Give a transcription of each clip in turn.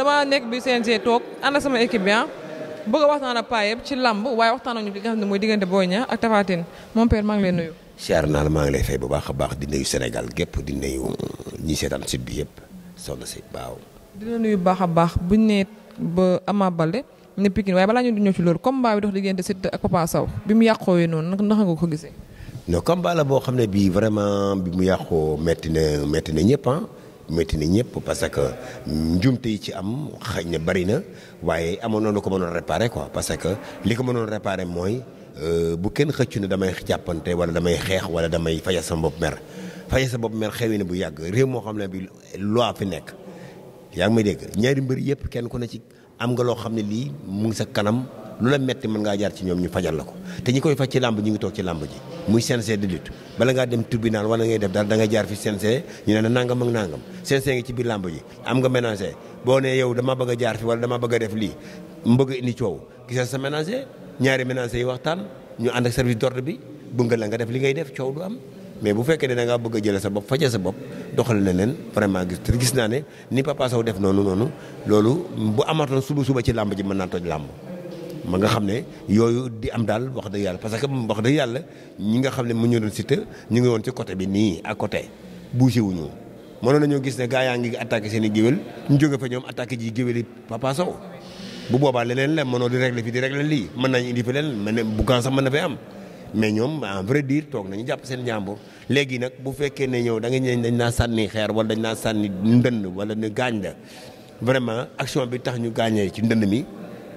dama nekk bi CNG toog ànd ak sama équipe bi ah bëgg a waxtaan ak paa yëpp ci làmb waaye waxtaanuñu li nga xam ne mooy diggante Boy Niang ak Tapha Tine mon père maa ngi lay nuyu. siyaar naa la maa ngi lay fay bu baax a baax di nuyu Sénégal gépp di nuyu ñi seetaan site bi yëpp soxna si baaw. dina nuyu baax a baax buñ ne ba Ama Baldé ne Pikine waaye balaa ñu ñëw ci loolu comme bi dox diggante Siteu ak Papa Sow bi mu noonu nag ndax nga ko gisee. non combat la boo xam ne bii vraiment bi mu yàqoo metti na metti na ñëpp ah. métti na ñëpp parce que njumte yi ci am xëy na bari na waaye amoon na ko ko mënoon réparer quoi parce que li ko mënoon réparer mooy euh, bu kenn xëccu ne damay jàppante wala damay xeex wala damay faja sa bopp mer faja sa bopp mer xewi na bu yàgg réew moo xam ne bi loi fi nekk yaa ngi may dégg ñaari mbër yëpp kenn ku ne ci am nga loo xam ne lii mu ngi sa kanam lu la metti mën ngaa jaar ci ñoom ñu fajal la ko te ñi koy faj ci làmb ñu ngi toog ci làmb ji muy CNG de lutte bala ngaa dem tribunal wala ngay def daal da ngay jaar fi CNG ñu ne la nangam ak nangam CNG ngi ci biir làmb ji am nga ménager boo nee yow dama bëgg a jaar fi wala dama bëgg a def lii mbëgg a indi coow gisal sa ménager ñaari ménager yi waxtaan ñu ànd ak service d'ordre bi bu bëgg la nga def li ngay def coow du am mais bu fekkee ne da ngaa bëgg a sa bopp fajee sa bopp doxal na leen vraiment gis te gis naa ne ni Papa Sow def noonu noonu loolu bu amatoon suba suba ci làmb ji mën naa toj làmb ma nga xam ne yooyu di am daal wax dëgg yàlla parce que wax dëgg yàlla ñi nga xam ne mu ñu doon Siteu ñu ngi woon ci côté bi nii à côté bougé ñu mënoon nañoo gis ne gaa yaa ngi attaqué seen i géwél ñu jóge fa ñoom attaqué ji géwél yi Papa Sow bu boobaa leneen la mënoo di régler fi di régler lii mën nañu indi fi leen mën na bu gan sax mën na fay am mais ñoom en vrai dire toog nañu jàpp seen njàmbur léegi nag bu fekkee ne ñëw danga nga ñëw dañ naa sànni xeer wala dañ naa sànni ndënd wala ne gaañ la vraiment action bi tax ñu gaañee ci ndënd mi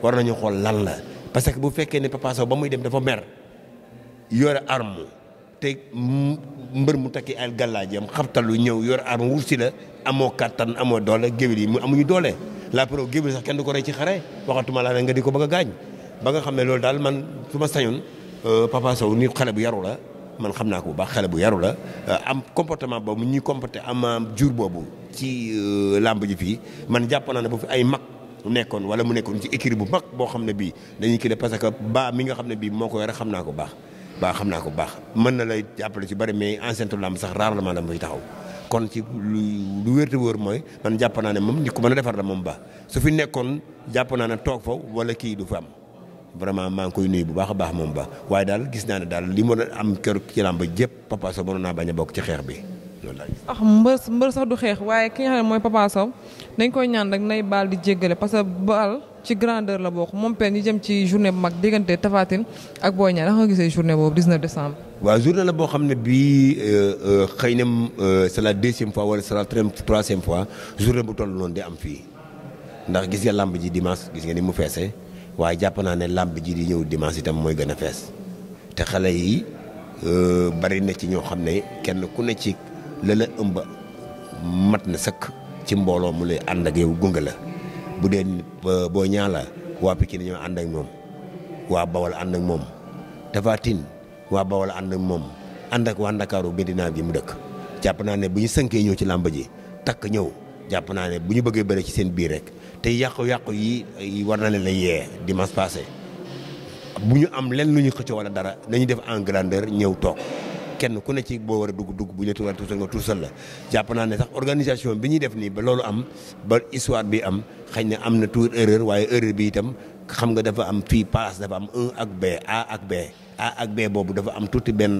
war nañu xool lan la parce que bu fekkee ni Papa ba muy dem dafa mer yore arme te mbër mu takki ay gàllaajam xabtalu ñëw yore arme wut si la amoo kattan amoo doole géwél yi mu amuñu doole la pro géwél sax kenn du ko rey ci xare waxatuma laa nga di ko bëgg a gaañ ba nga xam ne loolu daal man su ma sañoon euh, Papa Sow nit xale bu yaru la man xam naa ko bu baax xale bu yaru la euh, am comportement boobu ñuy comporté am jur boobu ci euh, làmb ji fii man jàpp mag. mu nekkoon wala mu nekkoon ci écurie bu mag boo xam ne bii dañuy kii parce que baa mi nga xam ne bii moo ko yore xam naa ko baax baa xam naa ko baax mën na lay jàppale ci bari mais enceinte lamb sax rarement la muy taxaw kon ci lu wér te wóor mooy man jàpp naa ne moom nit ku mën a defar moom baax su fi nekkoon jàpp naa ne toog fa wala kii du fa am vraiment maa ngi koy nuyu bu baax a baax moom baax waaye daal gis naa ne daal li mën a am kër ci làmb jëpp papa so mënoon naa bañ a bokk ci xeex bi loolu ah mbër mbër sax du xeex waaye ki nga ne mooy Papa dañ koy ñaan rek nay baal di jéggale parce que baal ci grandeur la bokk moom pen ñu jëm ci journée bu mag diggante Tapha ak Boy Niang da nga gisee journée boobu 19 décembre. waaw journée la boo xam ne bii euh, euh, xëy na euh, c'est la deuxième fois wala c'est la troisième fois journée bu toll noonu di am fii ndax gis nga làmb ji dimanche gis nga ni mu feesee waaye jàpp naa ne làmb ji di ñëw dimanche itam mooy gën a fees te xale yi bari na ci ñoo xam ne kenn ku ne ci. la ëmba mat na sëkk ci mbooloo mu lay ànd ak yow gunge la bu dee boo ñaala waa Pikine ñoo ànd ak moom waa Bawol ànd moom Tapha Tine waa Bawol ànd moom ànd ak waa Ndakaaru Medina bi mu dëkk jàpp naa ne bu ñu sënkee ñëw ci làmb ji takk ñëw jàpp naa ne bu ñu bëggee bëre ci seen biir rek te yàqu-yàqu yi war na leen a yee dimanche passé bu ñu am lenn lu ñu xëccoo wala dara nañu def en ñëw toog kenn ku ne ci boo war a dugg dugg bu ñu la tuur tuusal nga tuusal la jàpp naa ne sax organisation bi ñuy def nii ba loolu am ba histoire bi am xëy na am na tuur erreur waaye erreur bi itam xam nga dafa am fii place dafa am un ak B A ak B A ak B boobu dafa am tuuti benn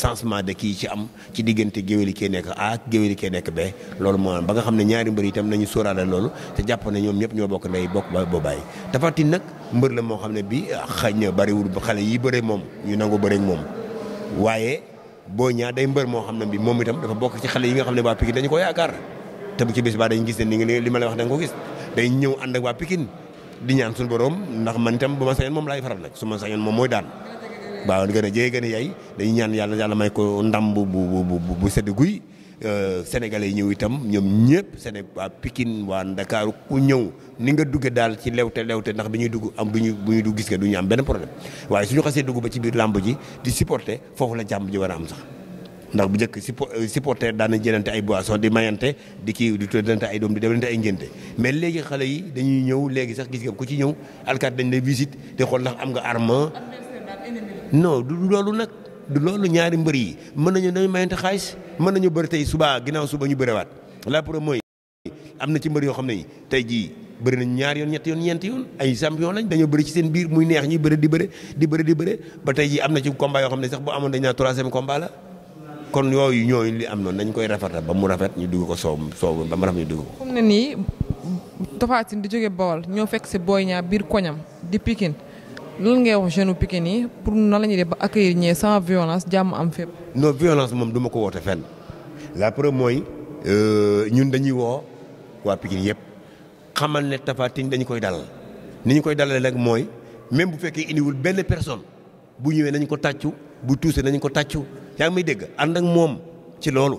changement de kii ci am ci diggante géwéli kee nekk A ak géwéli kee nekk B loolu moo am ba nga xam ne ñaari mbër yi itam nañu sóoraale loolu te jàpp na ñoom ñëpp ñoo bokk ndey bokk ba boo bàyyi Tapha Tine nag mbër la moo xam ne bi xëy na bariwul ba xale yi bëre moom ñu nangu bëre moom boo Niang day mbër moo xam ne bi moom itam dafa bokk ci xale yi nga xam ne waa Pikine dañu ko yaakaar te bu ci bés baa dañ gis ne ni nga li ma lay wax da nga ko gis day ñëw ànd ak waa di ñaan suñu borom ndax man itam bu ma sañoon moom laay faral nag su ma sañoon moom mooy daan waaw gën a jege gën a yay dañuy ñaan yàlla yàlla may ko ndam bu bu bu bu sedd guy Euh, sénégalais yi ñëw itam ñoom ñëpp Séné waa Pikine waa Ndakaaru ku ñëw ni nga dugge daal ci lewte lewte ndax bi ñuy dugg am bu ñuy bu ñuy dugg gis nga du ñu am benn problème waaye su ñu xasee dugg ba ci biir làmb ji di supporter foofu la jàmm ji war a am sax ndax bu njëkk euh, supporter daan na jëlante ay boissons di mayante di kii di dante ay doom di demante ay ngénte mais léegi xale yi dañuy ñëw léegi sax gis nga ku ci ñëw alkaat dañ lay visite di xool ndax am nga arme non du loolu nag du loolu ñaari mbër yi mën nañu dañu mayante xaalis mën nañu bëri tey suba ginnaaw suba ñu bëriwaat la pour mooy am na ci mbër yoo xam ne tey jii bëri nañ ñaar yoon ñett yoon ñeenti yoon ay champion lañ dañoo bëri ci seen biir muy neex ñuy bëri di bëri di bëri di bëri ba tey jii am na ci combat yoo xam ne sax boo amoon dañ naan troisième combat la kon yooyu ñooyu li am noonu nañ koy rafetal ba mu rafet ñu dugg ko soow soow ba mu rafet ñu dugg ko. xam na ni di jóge Bawol ñoo fekk si Boy Niang biir koñam di Pikine loolu ngay wax jeune Pikine yi pour na la ñuy def ba accueillir ñee sans violence jàmm am fépp. non violence moom du ma ko woote fenn la preuve mooy euh, ñun dañuy woo waa Pikine yëpp xamal ne Tapha dañu koy dalal ni ñu koy dalalee nag mooy même bu fekkee indiwul benn personne bu ñëwee nañ ko tàccu bu tuusee nañ ko tàccu yaa ngi may dégg ànd ak moom ci loolu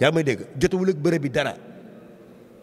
yaa ngi may dégg jotewul ak bërëb bi dara.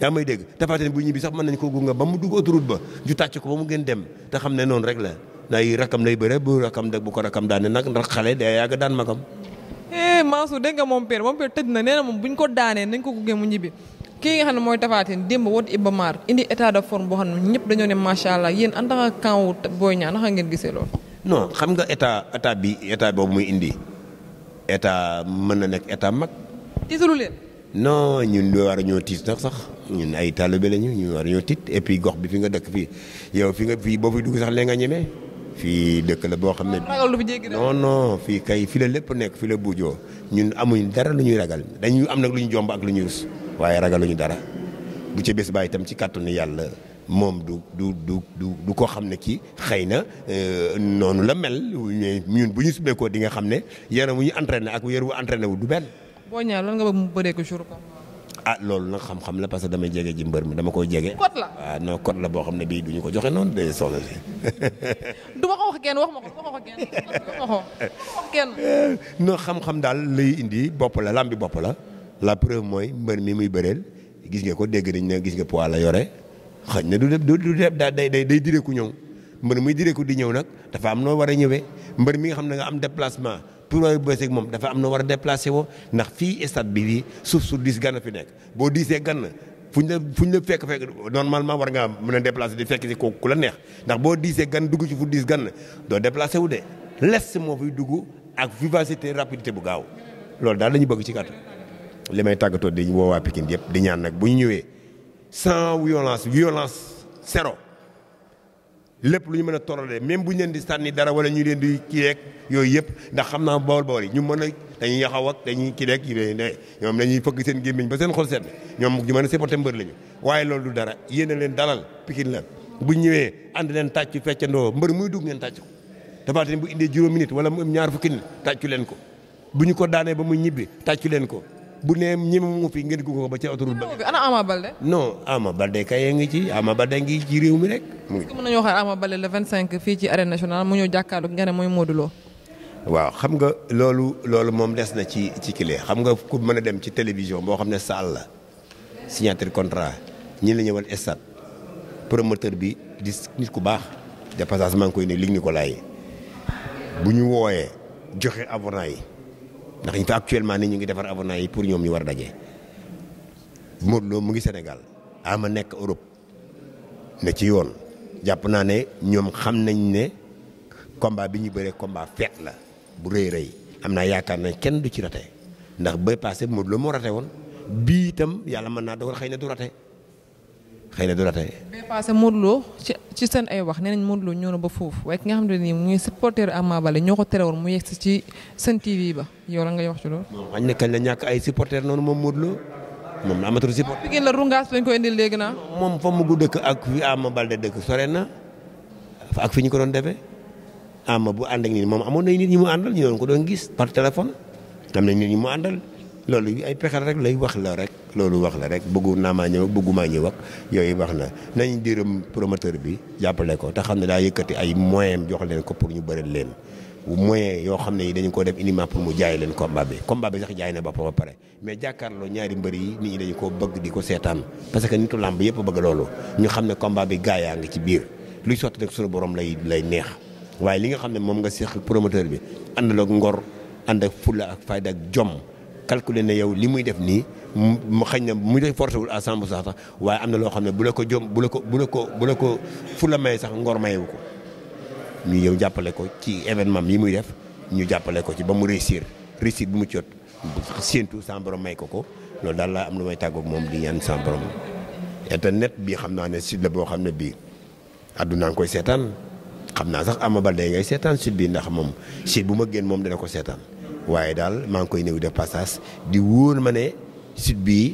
yaa may dégg tafaatin bu ñibbi sax mën nañ ko gunga ba mu dugg autoroute ba ju tàcc ko ba mu gën dem te xam ne noonu rek la day rakam lay bëre bu rakam dag bu ko rakam daane nag ndax xale day yàgg daan magam eh Mansour dégg nga moom père moom père na nee moom bu ñu ko daanee nañ ko gunge mu ñibbi kii nga xam ne mooy tafaatin démb wot Iba maar indi état de forme boo xam ne ñëpp dañoo ne macha allah yéen en tant que camp Boy Niang xam nga état état bi état boobu muy indi état mën na nekk état mag tiitalu leen non ñun war a ñoo tiit nag sax ñun ay taalibe lañu ñu war a ñoo tiit et gox bi fi nga dëkk fii yow fi nga fii boo fi dugg sax lee nga ñemee fii dëkk la boo xam ne. Ah, non non fii kay fi la lépp nekk fi la ñun amuñ dara lu ñuy ragal dañu am nag lu ñu jomb ak lu ñu rus waaye ragaluñu dara bu ca bés bàyyi ci kàttanu yàlla moom du du du du du ko xam ne kii xëy na euh, noonu la mel ñun bu ñu sublee ko nga xam ne yaram wu ñu entraîné ak yaram wu entraîné wu du benn. boo ñaar lan nga bëgg mu bëree ko jour ko ah loolu nag xam-xam la parce que damay jege ji mbër mi dama koo jege. kot la waaw ah, non kot la boo xam ne bii du ñu ko joxe noonu day soxla wax kenn wax ma eh, daal lay indi bopp la lambi bopp la la mooy mbër mi muy bëreel gis nga ko dégg nañ ne gis nga poids la yore xëy na du def du daal day day day direeku ñëw mbër muy direeku di ñëw nag dafa am noo war a ñëwee mbër mi nga xam ne nga am déplacement. pour waaye bës ak moom dafa am na war a déplacé woo ndax fii stade bi fii suuf su diis gan fi nekk boo diisee gan fu ñu la ñu la fekk fekk normalement war ngaa mun a déplacé di fekk si kooku ku la neex ndax boo diisee gan dugg ci fu diis gan doo déplacé wu de lest moo fiy dugg ak vivacité rapidité bu gaaw loolu daal dañu bëgg ci kàttan. li may tàggatoo di woo waa Pikine yëpp di ñaan nag bu ñu ñëwee sans violence violence sero lépp lu ñu mën a torolee même bu ñu leen di sànni dara wala ñu leen di kii yooyu yëpp ndax xam naa bool bool yi ñu mën a dañuy yaxaw ak dañuy kii rek yi ne ñoom dañuy fëgg seen gémmiñ ba seen xol sedd ñoom ñu mën a supporter mbër lañu waaye loolu du dara yéen leen dalal pikin la bu ñëwee ànd leen tàcc feccandoo mbër muy dugg ngeen tàcc ko Tapha bu indee juróomi nit wala mu ñaar fukki nit tàccu leen ko bu ñu ko daanee ba mu ñibbi tàccu leen ko bu nee ñemewu fi ngeen ko ba ca autoroute ba. ana Ama Balde. non Ama Balde kay ngi ci Ama Balde ngi ci réew mi rek. mu ngi mën nañoo xaar Ama Balde le fii ci arène nationale mu ñëw jàkkaarloo nga ne mooy waaw xam nga loolu loolu moom des na ci ci kile xam nga mën a dem ci télévision boo xam ne saal la signature contrat ñi la ñëwal stade promoteur bi di nit ku baax. de passage maa ngi koy ne Luc Nicolaï bu ñu wooyee joxe abonné yi. ndax ñu fa actuellement ni ñu ngi defar abonnement yi pour ñoom ñu war a daje Modou Lo mu ngi Sénégal ama nekk Europe ne ci yoon jàpp naa ne ñoom xam nañ ne combat bi ñu bëree combat fête la bu rëy rëy am naa yaakaar nañ kenn du ci rate ndax bay passé Modou Lo moo rate woon bii itam yàlla mën naa dogal xëy na du rate xëy na du la tey. bee passé Modou Lo ci ci seen ay wax nee nañ Modou Lo ñëw ba foofu waaye ki nga xam ne nii mu yegg moom xañ na kañ la ko indil léegi naa. ko doon defee Ama bu ànd ak nit moom amoon ñi mu ko doon gis par téléphone am loolu ay pexel rek lay wax la rek loolu wax la rek bëggu naa maa ñëw bëggumaa ñëw ak yooyu wax na nañ diram promoteur bi jàppale ko te xam ne daa yëkkati ay moyens jox leen ko pour ñu bëri leen moyen yoo xam ne yi dañu ko def uniquement pour mu jaay leen combat bi combat bi sax jaay na boppam ba pare mais jàkkaarloo ñaari mbër yi nit ñi dañu koo bëgg di ko seetaan parce que nitu làmb yëpp bëgg loolu ñu xam ne combat bi gaayaa ngi ci biir luy sotti rek suñu borom lay lay neex waaye li nga xam ne moom nga seq promoteur bi àndal ngor ànd ak fulla ak fayda ak jom calculer ne yow li muy def nii mu xëy na mu def forcé wul à cent sax cent sax waaye am na loo xam ne bu la ko jom bu la ko bu la ko bu la fu la may sax ngor mayewu ko ñu yow jàppale ko ci événement yi muy def ñu jàppale ko ci ba mu réussir réussite bu mu cot séentu sans borom may ko ko loolu daal laa am lu may tàggook moom di ñaan sans borom internet bii xam naa ne site la boo xam ne bii àdduna ngi koy seetaan xam naa sax Ama Baldé ngay seetaan site bi ndax moom site bu ma génn moom dana ko seetaan waaye daal maa ngi koy néew de passage di wóor ma ne site bii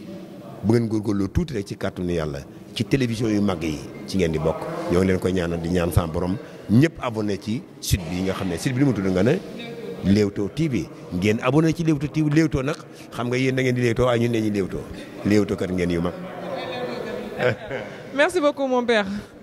bu ngeen góorgóorloo tuuti rek ci kàttanu yàlla ci télévision yu mag yi ci ngeen di bokk ñoo leen koy ñaanal di ñaan sa borom ñëpp abonné ci site bii nga xam ne site bi ni mu tudd nga ne Leewtoo TV ngeen abonné ci Leewtoo TV Leewtoo nag xam nga yéen da ngeen di Leewtoo waaye ñun dañuy Leewtoo Leewtoo kat ngeen yu mag. merci beaucoup mon père.